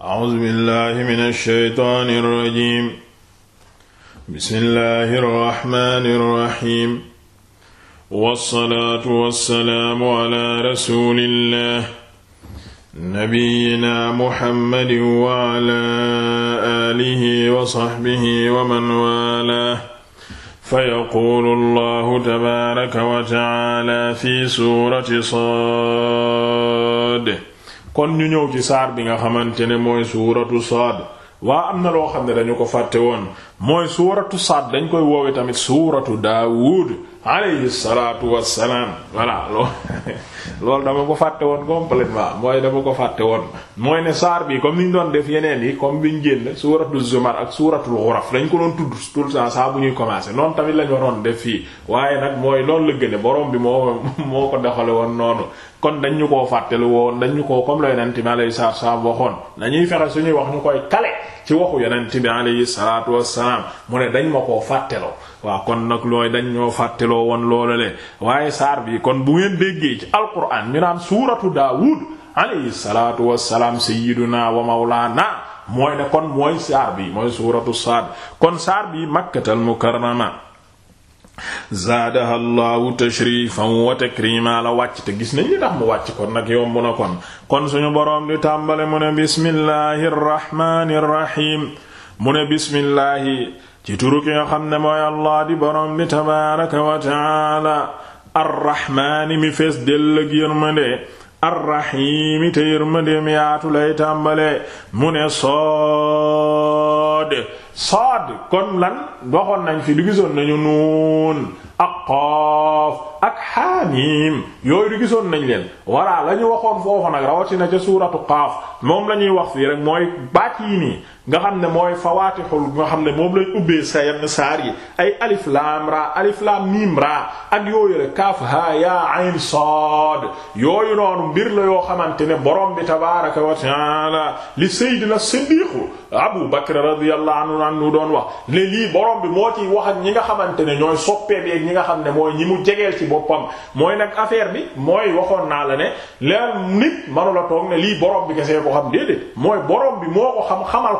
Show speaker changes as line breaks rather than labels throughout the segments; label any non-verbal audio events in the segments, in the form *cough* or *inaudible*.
A'uuzu billaahi mina shaytaani rajiim. Bismillaahi rahmaani rahiim. Wassalaatu wassalaamu alaa rasuulillaah. Nabiyyinaa Muhammadin wa alaa aalihi wa sahbihi wa man waalaah. Fayaquulu Allaahu tabaaraka wa ta'aalaa fi suurati Saad. kon ñu ñëw ci saar bi nga xamante ne mooy suuratu Saad waa am na loo xam ne dañu ko fàtte woon mooy suuratu Saad dañ koy woowe tamit suuratu Daawud alayhi salaatu wassalaam voilà loolu *laughs* loolu dama ko fàtte woon complètement mooy dama ko fàtte woon mooy ne saar bi comme ni ñu doon def yeneen yi comme bi ñu génn suuratu Zumar ak suuratul Ghuraf dañ ko doon tudd tout le saa bu ñuy commencer noonu tamit lañ waroon def fii waaye nag mooy loolu la gën a borom bi moo *laughs* moo ko doxale woon noonu kon dañ ñu koo fàttelu woon dañ ñu koo comme la yonent mi alayhi salaatu wassalaam waxoon fexe suñuy wax ñu koy kale ci waxu yeneen bi alayhi salaatu wassalaam mu ne dañ ma koo fàtteloo waaw kon nag looy dañ ñoo fàtteloo woon loolu le waaye saar bi kon bu ngeen déggee ci alquran ñu naan suuratu daawud alayhi salaatu wassalaam sayyiduna wa mawlaana mooy ne kon mooy saar bi mooy suuratu saad kon saar bi makkatal mukarrama zaadaha allahu tashrifan wa takrima la wàcc te gis nañ li mu wàcc kon nag yomb na kon kon suñu boroom di tàmbale mu ne bismillahi rrahmani allah di boroom di tabaaraka wa taala arrahmaani mi fees dell ak yërmande arrahimi te yaatu lay tàmbale mu ne soo saad saad kon lan waxoon nañ fi du gisoon nañu nuun ak qaaf ak xaamiim yooyu du gisoon nañ leen walla la ñu waxoon foofu nag na ca suuratu qaaf moom la ñuy wax fii rek mooy baat yi nii nga xam ne mooy fawaatixul nga xam ne moom lay ubbee sa yenn saar yi ay alif laam ra alif laam miim ak yooyu rek kaaf haa yaa ayn saad yooyu noonu mbir la yoo xamante ne borom bi tabaaraka wa taala li sayyidina siddiqu abu bakr radiyallahu anhu doon wax ne lii borom bi moo ciy wax ak ñi nga xamante ne ñooy soppee bi ak ñi nga xam ne mooy ñi mu jegeel ci boppam mooy nag affaire bi mooy waxoon naa la ne leer nit manu la toog ne lii borom bi kese ko xam déedéet mooy borom bi moo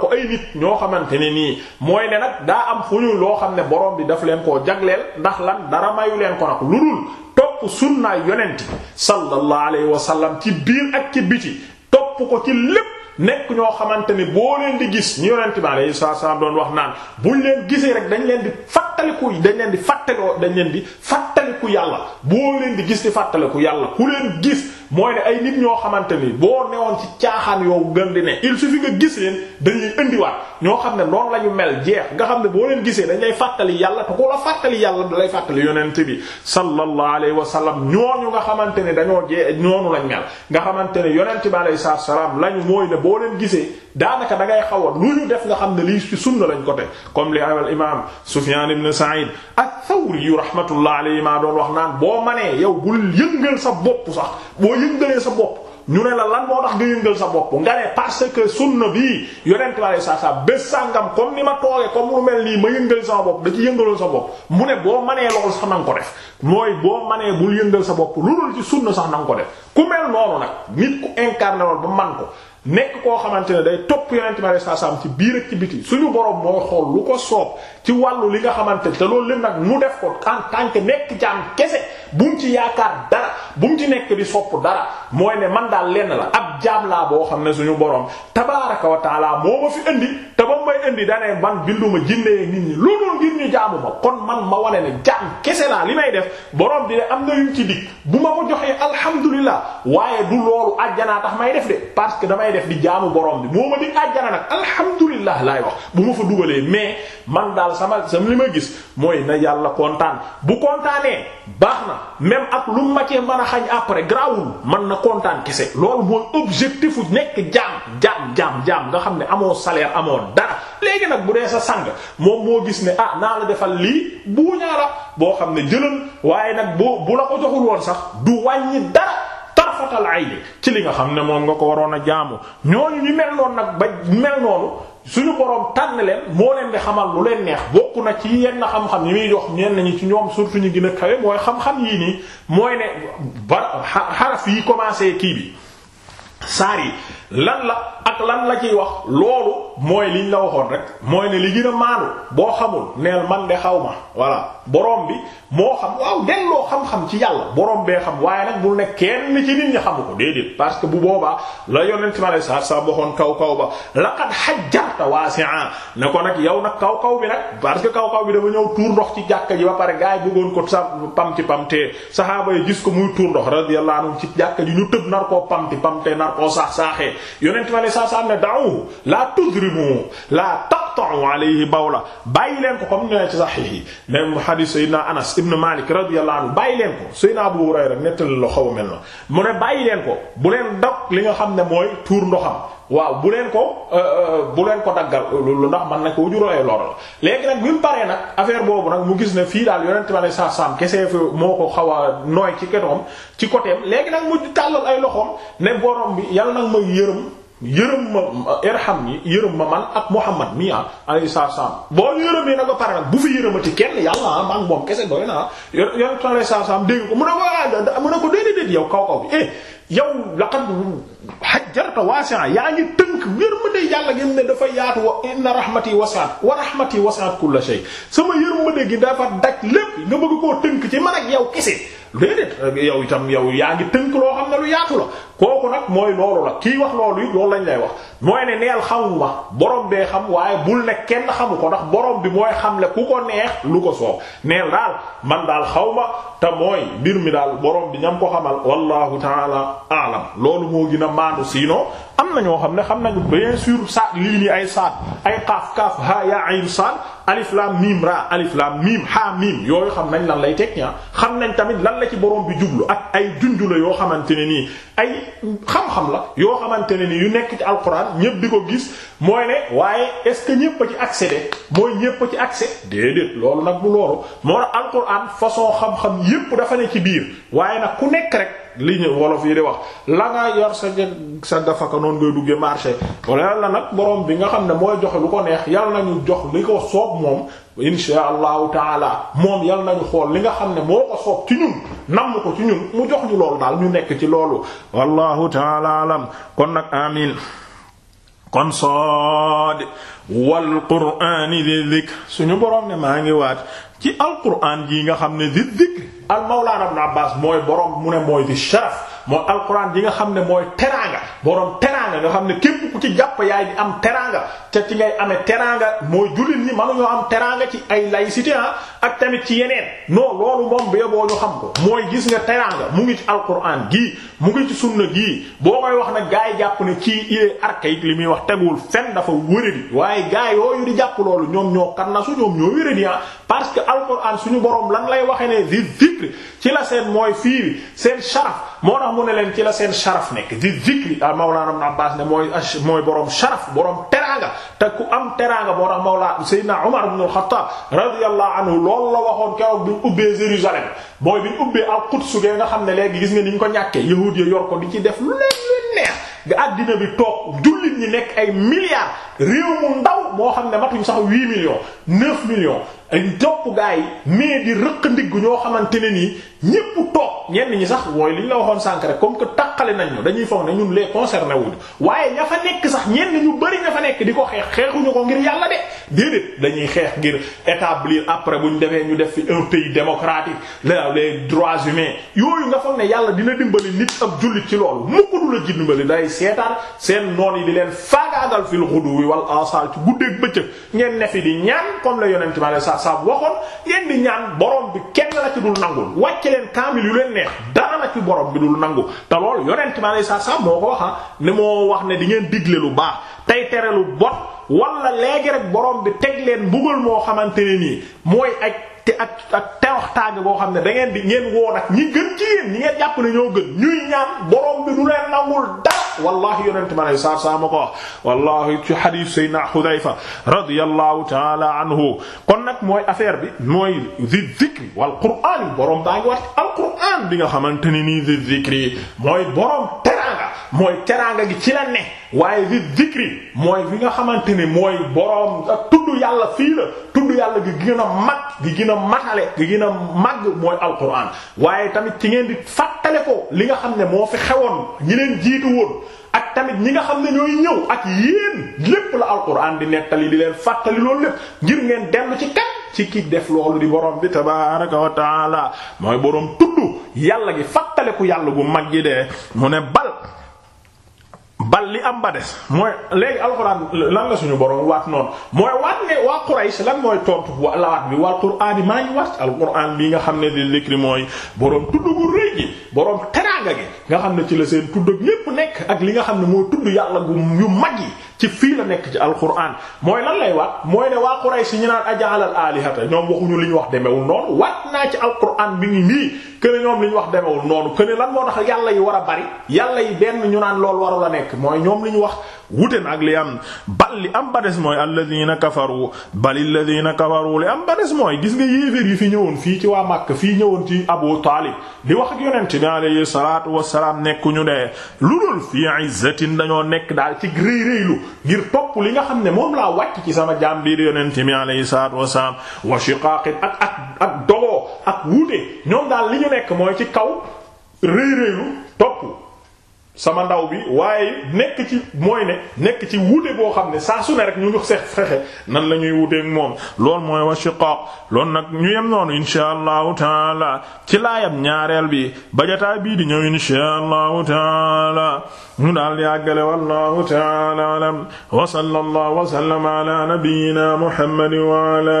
ko ay ñoo xamante ne nii mooy ne nag daa loo xam ne borom bi daf leen koo jagleel ndax lan dara mayu leen ko nag lu dul topp sunnaay yonent sallallahu alayhi wa sallam ci biir ak ci biti topp ko ci lépp. nekk ñoo xamante ni boo leen di gis ñu yonent bi alayhi salaam wax naan buñ leen gisee rek dañ leen di fàttaliku dañ leen di fàttaloo dañ leen di fàttaliku yàlla boo leen di gis di fàttaliku yàlla ku leen gis. mooy ne ay nit ñoo xamante ni boo newoon ci caaxaan yow gën di ne il suffit nga gis leen dañuy indiwaat ñoo xam ne noonu la ñu mel jeex nga xam ne boo leen gisee dañ fàttali yàlla te ku fàttali yàlla da fàttali yonent bi sallallahu alayhi wa sallam ñooñu nga xamante ne dañoo jee ñoonu lañ mel nga xamante ne yonent bi alayhi salaam lañu mooy ne boo leen gisee daanaka dangay ngay xaw lu ñu def nga xam ne li ci sunna lañ ko te comme li al imam Sufyan ibn Sa'id ak Thawri rahmatullah alayhi ma doon wax naan boo manee yow bul yëngal sa bopp sax boo yëngalee sa bopp ñu ne la lan moo tax nga yëngal sa bopp nga ne parce que sunna bii yonent la sa saa bés sàngam comme ni ma toogee comme mu mel nii ma yëngal sama bopp da ci yëngaloon sa bopp mu ne boo manee lool sax na nga ko def mooy boo manee bul yëngal sa bopp lu dul ci sunna sax na nga ko def ku mel noonu nag nit ku incarné woon ba man ko nekk koo xamante ne day topp yonent bi saa ci biir ak ci biti suñu borom mooy xool lu ko soob ci wàllu li nga xamante te loolu lépp nag mu def ko en tant que nekk jaam kese bu mu ci yaakaar dara bu mu ci nekk di sopp dara mooy ne man daal lenn la ab jaam laa boo xam ne suñu borom tabaaraka wa taala moo ma fi indi te ba may indi danee man binduma jinne nit ñi lu dul ngir ñu jaamu kon man ma wane ne jaam kese laa li may def borom di am na yuñ ci dig bu ma ko joxee alhamdulillah waaye du loolu ajjanaa tax may def de parce que damay def di jaamu borom bi moo ma di ajjana nag alhamdulilah laay wax bu ma fa dugalee mais man daal sama sama li ma gis mooy na yàlla kontaan bu kontaanee baax na même ak lu ma cee mën a xañ après grawul man na kontaan kese loolu mooy objectifu nekk jaam jaam jaam jaam nga xam ne amoo salaire amoon dara léegi nag bu dee sa sang moom moo gis ne ah naa la defal lii buuñaa la boo xam ne jëlal waaye nag tarafatal yi ci li nga xam ne moom nga ko waroon a jaamu ñooñu ñu mel noonu nag ba mel noonu suñu boroom tànn leen moo leen di xamal lu leen neex bokk na ci yenn xam-xam yi muy jox ñenn ñi ci ñoom surtout ñu gën a kawe mooy xam-xam yii nii mooy ne ba xaraf yi commencé kii bi saar yi lan la ak lan la ciy wax loolu. mooy liñ la waxoon rek mooy ne li gën a maanu boo xamul neel man de xaw ma voilà borom bi moo xam waaw loo xam-xam ci yàlla boroom bee xam waaye nag bul ne kenn ci nit ñi xamu ko parce que bu boobaa la yonent ma lay saa saa waxoon kaw kaw ba laqad hajjarta wasi'a ne ko nag yow nag kaw kaw bi nag parce que kaw kaw bi dafa ñëw tuur ndox ci jàkka ji ba pare gaay yi bëggoon ko sa pam ci pam te saxaaba yi gis ko muy tuur ndox radiyallahu anhu ci jàkka ji ñu tëb nar koo pam ci pam te nar koo saax saaxee yonent ma lay saa saa ne da'uhu la tudri tuhrimu la taqta'u alayhi bawla bàyyi leen ko comme ne ci saxiix yi même hadith sayyidina Anas ibn Malik radiyallahu anhu bàyyi leen ko sayyidina Abu Hurayra rek nettali la xaw a mel na mu ne bàyyi leen ko bu leen dog li nga xam ne mooy tuur ndoxam waaw bu leen ko euh, euh, bu leen ko daggal lu ndax man na ko juralee lor la léegi nag bi mu paree nag affaire boobu nag mu gis ne fii daal yonent ma ne saa saam kese fa moo ko xaw a nooy ci ketoom ci côté léegi nag mu tàllal ay loxoom yërëm ma irham ni yërëm ma man ak Muhammad mi ah alayhi salaam boo yërëmee na ba pare bu fi yërëmati kenn yàlla ah moom kese doy na ah yor yor alayhi salaam dégg ko mu ne ko ah mu ne ko déedéet yow kaw kaw bi eh yow laqad xajjarata waasi'a yaa ngi tënk yërmande yàlla ngeen dafa yaatu wa inna rahmati wasi'at wa rahmati wasi'at kulla shay sama yërmande gi dafa daj lépp nga bëgg koo tënk ci man ak yow kese déedéet yow itam yow yaa ngi tënk loo xam ne lu yaatu la kooku nag mooy loolu la kii wax loolu it loolu lañ lay wax mooy ne neel xamuma boroom bee xam waaye bul ne kenn xamu ko ndax boroom bi mooy xam le ku ko neex lu ko soob neel daal man daal ma te mooy mbir mi borom bi ñam ko xamal wallahu maandu sinon am na ñoo xam ne xam nañu bien sûr sa lii nii ay saat ay qaaf kaaf ha ya ayn saad alif lam mim ra alif lam mim yooyu xam nañ lan lay teg ñaa ah. xam nañ tamit lan la ci borom bi jublu ak ay junju la yoo xamante ne nii ay xam-xam la yoo xamante ne nii yu nekk ci alquran ñépp di ko gis mooy ne waaye est-ce que ñépp a ci accéder mooy ñépp a ci accès déedéet loolu nag bu loolu moo tax alquran façon xam-xam yépp dafa ne ci biir waaye nag ku nekk li ñu wolof yi di wax la nga yor sa sa gafaka noonu ngay duggee marché wala yàlla nag borom bi nga xam ne mooy joxe lu ko neex yàlla ñu jox li ko soob moom insha allahu taala moom yàlla nañu xool li nga xam ne moo ko soob ci ñun nam ko ci ñun mu jox ñu loolu daal ñu nekk ci loolu wallahu taala alam kon nag amin kon sood wal qur'aani di dikr suñu boroom ne maa ngi waat ci alqur'aan jii nga xam ne di dikr al mawlaana ibn Abbaas mooy boroom mu ne mooy di sharaf mooy alquran yi nga xam ne mooy teraanga borom teraanga nga xam ne képp ku ci jàpp yaay bi am teraanga te ci ngay amee teraanga mooy jullit ñi mënuñoo am teraanga ci ay laïcité ah ak tamit ci yeneen non loolu moom bee boo ñu xam ko mooy gis nga teraanga mu ngi ci alquran gii mu ngi ci sunna gii boo koy wax nag gaa yi jàpp ne kii il est archaïque li muy wax teguwul fenn dafa wërëdi waaye gaa yooyu di jàpp loolu ñoom ñoo kan na su ñoom ñoo wërëdi ah parce que alquran suñu boroom lan lay waxe ne di zikri ci la seen mooy fii seen sharaf moo tax mu ne leen ci la seen sharaf nekk di zikri ah Mawlana Ibn Abbas ne mooy mooy borom sharaf borom teraanga te ku am teraanga moo tax Mawlana Seydina Umar ibn al-Khattab radiyallahu anhu loolu la waxoon keroog bi ubbee Jérusalem mooy bi ñu ubbee al-Quds ge nga xam ne léegi gis nga ni ñu ko ñàkkee yahuud ya yor ko di ci def lu leen neex. ga àddina bi toog jullit ñi nekk ay milliards réew mu moo xam ne matuñ sax huit millions neuf millions ay topp gaa yi mais di rëq ndigg ñoo xamante ne nii ñépp toog ñenn ñi sax mooy li ñu la waxoon sànk rek comme que taqale nañ ñu dañuy foog ne ñun les concernés wuñu waaye ña fa nekk sax ñenn ñu bari ña fa nekk di ko xeex xeexuñu ko ngir yàlla de déedéet dañuy xeex ngir établir après bu ñu defee ñu def fi un pays démocratique la les droits humains yooyu nga foog ne yàlla dina dimbali nit ab jullit ci loolu mukk du la dimbali day seetaan seen noon yi di leen faagaagal fil xudu wal asal ci guddeeg bëccëg ngeen ne fi di ñaan comme la yonent saa saa waxoon ngeen di ñaan boroom bi kenn la ci dul nangu wàcc leen kaamil yu leen neex dara la ci boroom bi dul nangu te loolu yonent ma lay saa saa moo ko wax ah, ne moo wax ne di ngeen digle lu baax tey tere lu bon wala léegi rek boroom bi teg leen mbugal moo xamante ne nii mooy ak te ak ak teewax tàng boo xam ne dangeen ngeen di ngeen woon ak ñi gën ci yéen ñi ngeen jàpp ne ñoo gën ñuy ñaan borom bi du leen nangul dara. wallahi yonent ma lay saar saa ma ko wax wallahi ci xadiis sayna Xudayfa radiyallahu taala anhu kon nag mooy affaire bi mooy di zikri wal qur'aan yi boroom daa ngi wax alqur'aan bi nga xamante ni nii di zikri mooy boroom mooy teraanga gi ci la ne waaye di zikri mooy bi nga xamante ne mooy boroom ak tudd yàlla fii la tudd yàlla gi gën a mag gi gën a matale gi gën a màgg mooy alquran waaye tamit ci ngeen di fàttale ko li nga xam ne moo fi xewoon ñi leen jiitu woon ak tamit ñi nga xam ne ñooy ñëw ak yéen lépp la alquran di nettali di leen fàttali loolu lépp ngir ngeen dellu ci kat ci ki def loolu di borom bi tabaaraka wa taala mooy boroom tudd yàlla gi fàttaliku yàlla gu mag gi daal li am ba des mooy léegi alxuraan lan la suñu borom waat noonu mooy waat ne waa Quraysh lan mooy tontu wa la waat bi waa Qur'aan maa ngi waat alxuraan bi nga xam ne li likri mooy borom tudd gu rëy gi borom teraanga nga xam ne ci la seen tudd ak ñépp nekk ak li nga xam ne moo tudd yàlla gu yu mag yi ci fii la nekk ci alxuraan mooy lan lay waat mooy ne waa Quraysh ñu naan ajaalal alihata ñoom waxuñu li ñu wax demewul noonu waat naa ci alxuraan bi ngi nii këne ñoom li ñu wax demewul noonu këne lan moo tax yàlla yi war a bari yàlla yi benn ñu naan lool waru la nekk mooy ñoom li ñu wax wute na ak li am bal li am ba des mooy alladhina kafaru bal li am ba des mooy gis nga yéeféer yi fi ñëwoon fii ci waa Makka fii ñëwoon ci Abu Taalib di wax ak yonent bi alayhi salaatu wassalaam nekkuñu de lu dul fii izzatin dañoo nekk daal ci réy réylu ngir topp li nga xam ne moom laa wàcc ci sama jaam bi di yonent bi alayhi salaatu wassalaam wa shiqaqin ak ak wuute ñoom daal li ñu nekk mooy ci kaw rëy rëyu topp sama ndaw bi waaye nekk ci mooy ne nekk ci wuute boo xam ne saa su ne rek ñu ngi sex fexe nan lañuy ñuy moom loolu mooy wa shiqaq loolu nag ñu yem noonu insha allahu taala ci laayam ñaareel bi bajataay bii di ñëw insha allahu taala ñu daal di àggale wallahu taala alam wa sallallahu wa sallama ala nabiyyina muhammadin wa ala